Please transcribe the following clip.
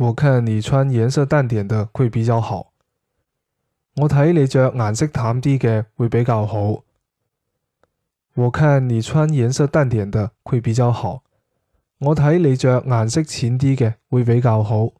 我看你穿顏色淡點的會比較好，我睇你着顏色淡啲嘅會比較好。我看你穿顏色淡點的會比較好，我睇你着顏色淺啲嘅會比較好。